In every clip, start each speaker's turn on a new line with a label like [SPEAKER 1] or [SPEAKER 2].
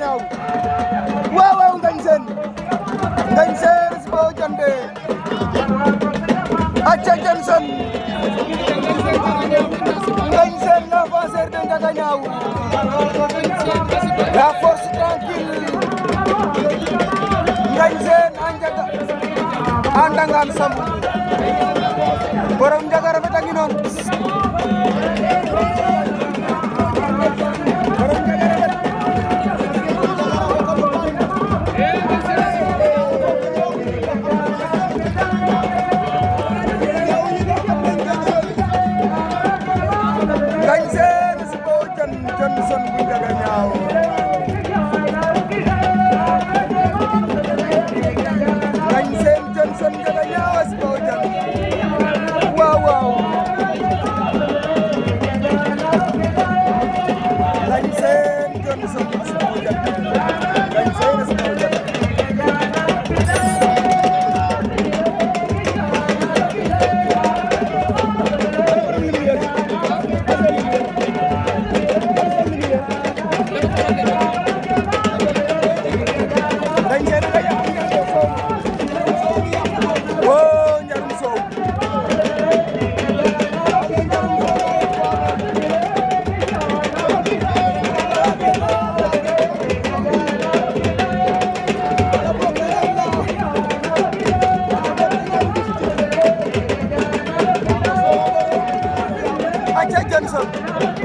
[SPEAKER 1] ñaaw waaw waaw ngañ seen ngañ seen bo jande acca Jenson ngañ seen l'avanceur de Ndagañaaw
[SPEAKER 2] la force tranquille ngañ seen a njaga a ndangaan sam
[SPEAKER 1] kenn son bu njaga ñaaw kañ seen jën son njaga ñaaw as kaw jan waaw waaw
[SPEAKER 3] kañ seen jën son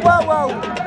[SPEAKER 3] Wow! Wow!